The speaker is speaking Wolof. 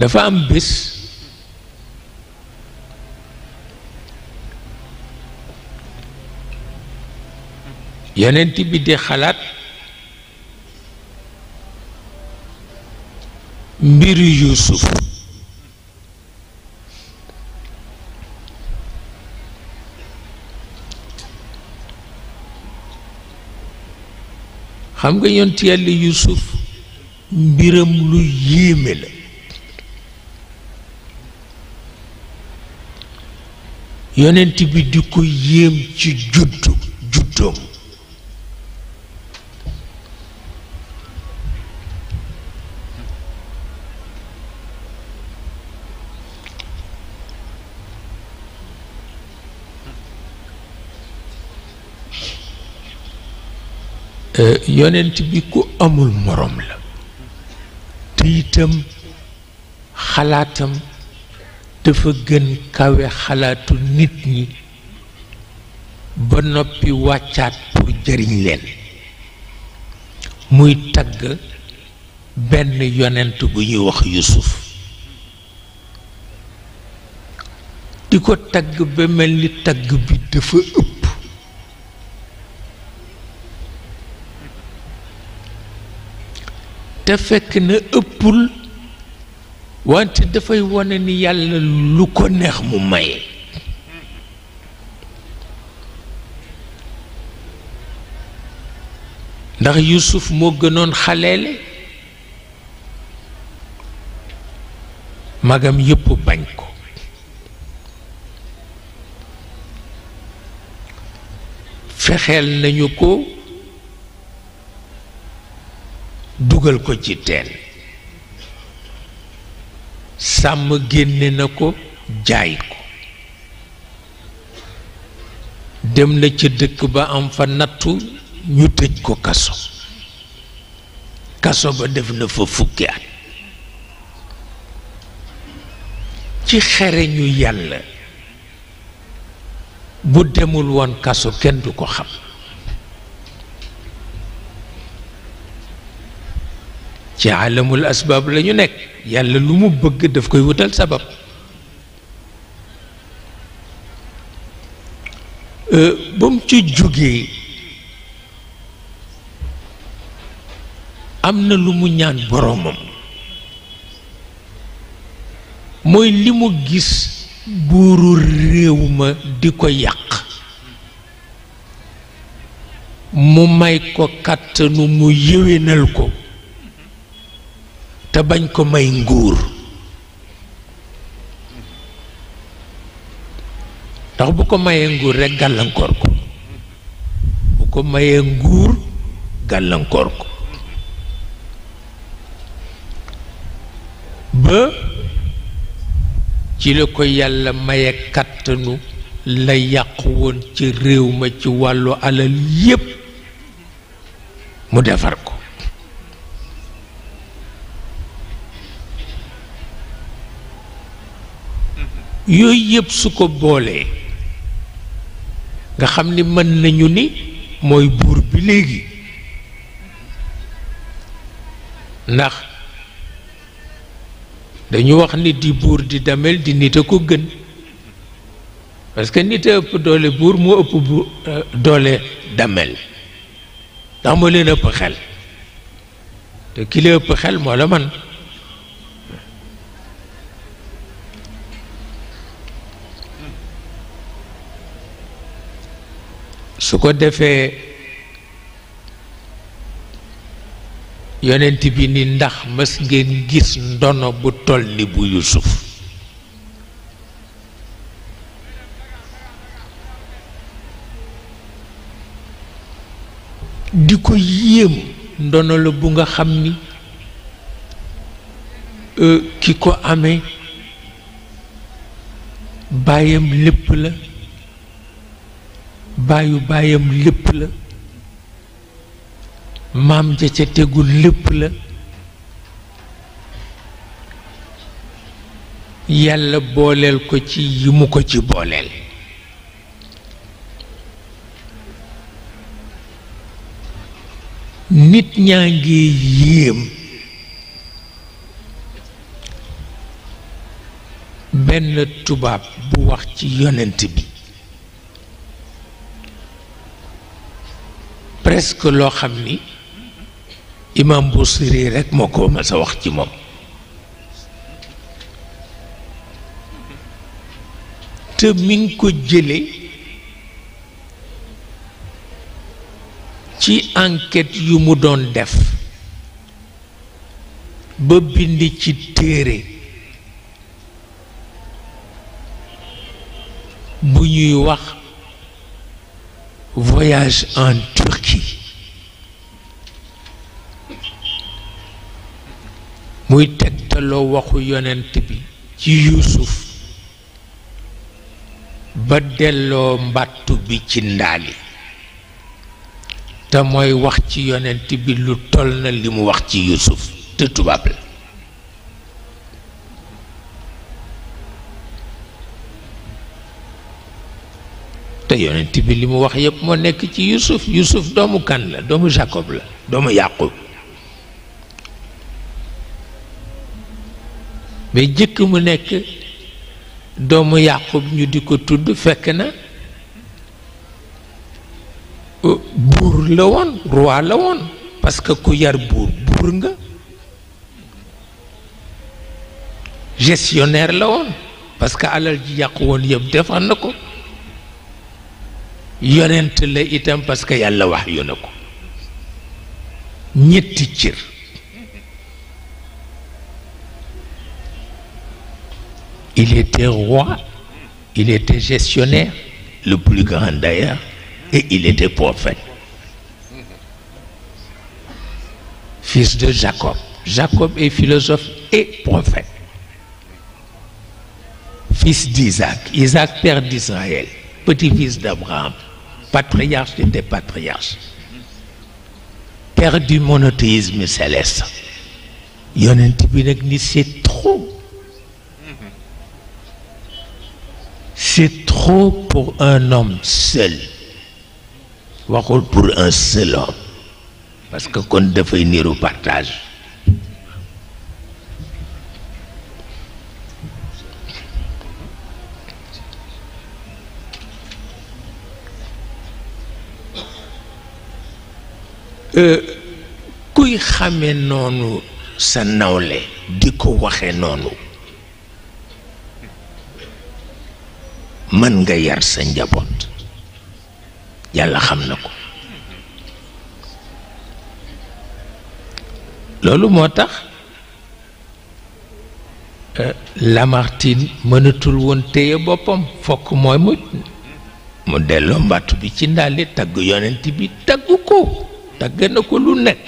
dafa am bés yonent bi di xalaat mbiru Yuusuf xam nga yonent yàlla Yuusuf mbiram lu yéeme la yonent bi di ko yéem ci juddu juddoom euh, yonent bi ku amul morom la te xalaatam dafa gën kawe xalaatu nit ñi ba noppi wàccaat pour jëriñ leen muy tagg benn yonent bu ñuy wax Yuusuf di ko tagg ba mel ni tagg bi dafa ëpp te fekk na ëppul wante dafay wane ni yàlla lu ko neex mu maye ndax Yuusuf moo gënoon xaleele magam yépp bañ ko fexeel nañu ko dugal ko ci teen sàmm génne na ko jaay ko dem na ca dëkk ba am fa nattu ñu tëj ko kaso kaso ba def na fa fukki at ci xere ñu yàlla bu demul woon kaso kenn du ko xam ci alamul asbaab la nekk yàlla lu mu bëgg daf koy wutal sabab euh, ba mu ci jógee am na lu mu ñaan boroomam mooy li mu gis buuru réew ma di ko yàq mu may ko kàttanu mu yéwénal ko te bañ ko may nguur ndax bu ko mayee nguur rekk gàllankoor ko bu ko mayee nguur gàllankoor ko ba ci la ko yàlla maye kàttanu la yàqu woon ci réew ma ci wàllu alal yépp mu defar ko yooyu yëpp su ko boolee nga xam ni mën nañu ni mooy buur bi léegi ndax dañu wax ni di buur di damel di nit a ko gën parce que nit a ëpp doole buur moo ëpp bu euh, doole damel ndax moo leen ëpp xel te ki ëpp xel moo la man su ko defee yonent bi ni ndax mas ngeen gis ndono bu toll ni bu Yuusuf di ko yéem ndono la bu nga xam ni euh, ki ko amee bàyyam lépp la baayu baayam lépp la maam ja ca tegu lépp la yàlla booleel ko ci yi mu ko ci booleel nit ñaa ngi yéem benn tubaab bu wax ci yonent bi presque lo xam imam Busiri rek moo ma sa wax ci mom te ming ko jele ci enquête yu mu don def ba bind ci téré bu ñuy wax voyage en Turquie muy tegtaloo waxu yonent bi ci yuusuf ba delloo mbàttu bi ci ndaali te mooy wax ci yonent bi lu toll na li mu wax ci yuusuf te tubaab la te yonent bi li mu wax yépp moo nekk ci yuusuf yuusuf doomu kan la doomu jacob la doomu yàqub mais jëkk mu nekk doomu yàqub ñu di ko tudd fekk na buur la woon roi la woon parce que ku yar buur buur nga gestionnaire la woon parce que alal ji yàqu woon yëpp defar na ko yonent la itam parce que yàlla wax yu na ko ñetti cër Il était roi, il était gestionnaire, le plus grand d'ailleurs, et il était prophète. Fils de Jacob. Jacob est philosophe et prophète. Fils d'Isaac. Isaac, père d'Israël. Petit-fils d'Abraham. Patriarche des patriarches. Père du monothéisme céleste. un petit ni trop pour un homme seul waxul pour un seul homme parce que devait venir au partage Qui euh, xamee noonu sa nawle di ko waxe mën nga yar sa njaboot yàlla xam na ko loolu moo tax euh, Lamartine mënatul woon téye boppam fokk mooy mu delloo mbàttu bi ci ndaale tagg yonent bi tagg ko tagg na ko lu nekk